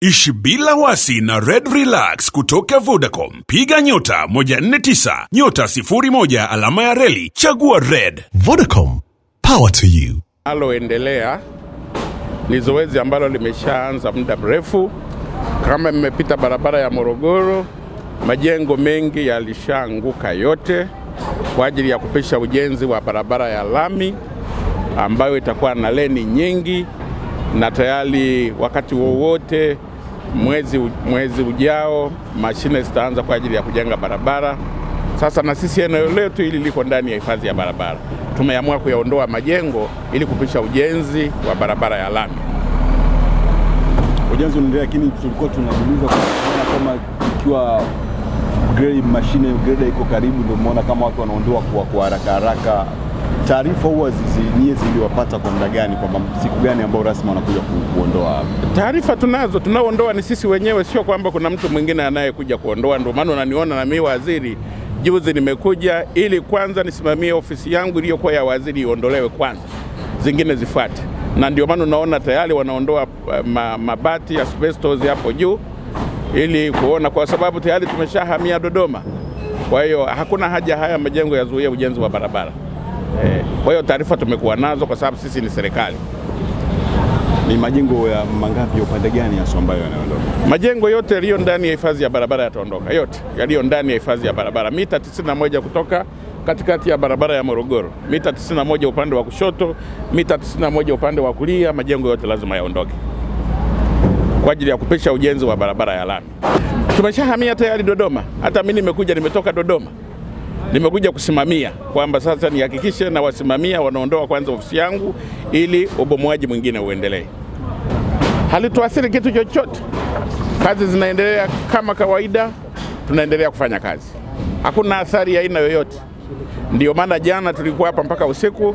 Ishi bila wasi na Red Relax kutoka Vodacom. Piga nyota 149 nyota 01 alama ya reli chagua Red. Vodacom, power to you. Aloendelea ni zoezi ambalo limeshaanza muda mrefu. Kama mmepita barabara ya Morogoro, majengo mengi yalishaanguka yote kwa ajili ya kupisha ujenzi wa barabara ya lami ambayo itakuwa na leni nyingi na tayari wakati wowote mwezi, mwezi ujao mashine zitaanza kwa ajili ya kujenga barabara. Sasa na sisi eneo letu hili liko ndani ya hifadhi ya barabara, tumeamua kuyaondoa majengo ili kupisha ujenzi wa barabara ya lami. Ujenzi unaendelea, lakini tulikuwa tunajiuliza kama ikiwa grade mashine grade iko karibu, ndio umeona kama watu wanaondoa kwa haraka haraka taarifa huwa nyie ziliwapata kwa muda gani, kwamba siku gani ambao rasmi wanakuja kuondoa? Taarifa tunazo, tunaoondoa ni sisi wenyewe, sio kwamba kuna mtu mwingine anayekuja kuondoa. Ndio maana unaniona na mimi waziri juzi nimekuja ili kwanza nisimamie ofisi yangu iliyokuwa ya waziri iondolewe kwanza, zingine zifuate, na ndio maana unaona tayari wanaondoa eh, ma, mabati asbestos hapo juu ili kuona, kwa sababu tayari tumeshahamia Dodoma. Kwa hiyo hakuna haja haya majengo yazuie ujenzi wa barabara. Eh, kwa hiyo taarifa tumekuwa nazo kwa sababu sisi ni serikali. Ni majengo ya mangapi upande gani hasa ambayo yanaondoka? Majengo yote yaliyo ndani ya hifadhi ya barabara yataondoka, yote yaliyo ndani ya hifadhi ya barabara, mita 91 kutoka katikati ya barabara ya Morogoro, mita 91 upande wa kushoto, mita 91 upande wa kulia, majengo yote lazima yaondoke kwa ajili ya kupisha ujenzi wa barabara ya lami. Tumeshahamia tayari Dodoma, hata mimi nimekuja, nimetoka Dodoma nimekuja kusimamia kwamba sasa nihakikishe na wasimamia wanaondoa kwanza ofisi yangu ili ubomoaji mwingine uendelee. Halituathiri kitu chochote, kazi zinaendelea kama kawaida, tunaendelea kufanya kazi, hakuna athari ya aina yoyote. Ndio maana jana tulikuwa hapa mpaka usiku.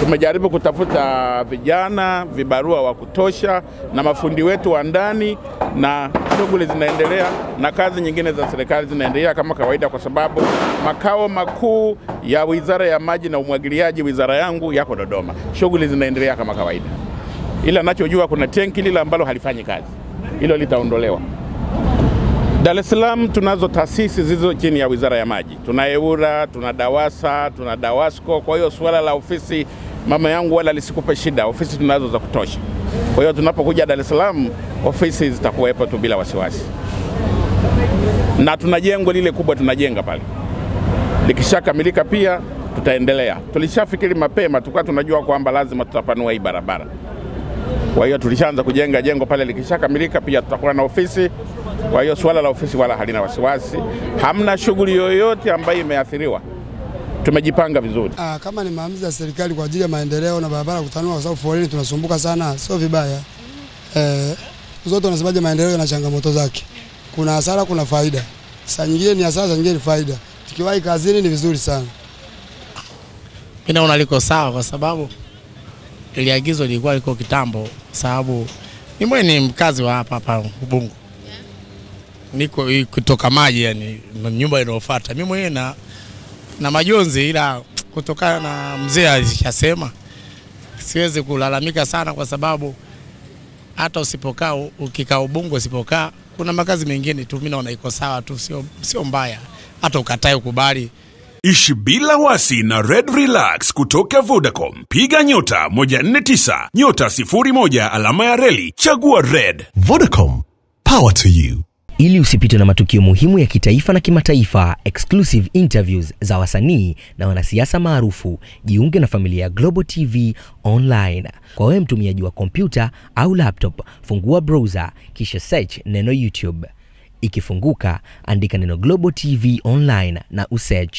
Tumejaribu kutafuta vijana, vibarua wa kutosha na mafundi wetu wa ndani, na shughuli zinaendelea na kazi nyingine za serikali zinaendelea kama kawaida, kwa sababu makao makuu ya Wizara ya Maji na Umwagiliaji, wizara yangu, yako Dodoma. Shughuli zinaendelea kama kawaida, ila nachojua kuna tenki lile ambalo halifanyi kazi, hilo litaondolewa. Dar es Salaam tunazo taasisi zilizo chini ya Wizara ya Maji, tuna EWURA, tuna DAWASA, tuna DAWASCO. Kwa hiyo suala la ofisi, mama yangu, wala lisikupe shida, ofisi tunazo za kutosha. Kwa hiyo tunapokuja Dar es Salaam ofisi zitakuwepo tu bila wasiwasi, na tuna jengo lile kubwa tunajenga pale, likishakamilika pia tutaendelea. Tulishafikiri mapema, tukawa tunajua kwamba lazima tutapanua hii barabara. Kwa hiyo tulishaanza kujenga jengo pale, likishakamilika pia tutakuwa na ofisi. Kwa hiyo suala la ofisi wala halina wasiwasi, hamna shughuli yoyote ambayo imeathiriwa. Tumejipanga vizuri. Aa, ah, kama ni maamuzi ya serikali kwa ajili ya maendeleo na barabara kutanua, kwa sababu foleni tunasumbuka sana, sio vibaya eh, zote unasemaje, maendeleo yana changamoto zake, kuna hasara, kuna faida, saa nyingine ni hasara, saa nyingine ni faida. Tukiwahi kazini ni vizuri sana. Mimi naona liko sawa kwa sababu ili agizo lilikuwa liko kitambo, sababu mimi ni mkazi wa hapa hapa Ubungo, niko kutoka maji, yani nyumba inayofuata mimi mwenyewe na, na majonzi, ila kutokana na mzee alishasema siwezi kulalamika sana, kwa sababu hata usipokaa ukikaa Ubungo, usipokaa kuna makazi mengine tu, mimi naona iko sawa tu, sio sio mbaya, hata ukatae kukubali Ishi bila wasi na Red Relax kutoka Vodacom. Piga nyota 149 nyota 01 alama ya reli chagua Red. Vodacom, power to you. Ili usipitwe na matukio muhimu ya kitaifa na kimataifa, exclusive interviews za wasanii na wanasiasa maarufu, jiunge na familia ya Global TV Online. Kwa wewe mtumiaji wa kompyuta au laptop, fungua browser kisha search neno YouTube. Ikifunguka, andika neno Global TV Online na usearch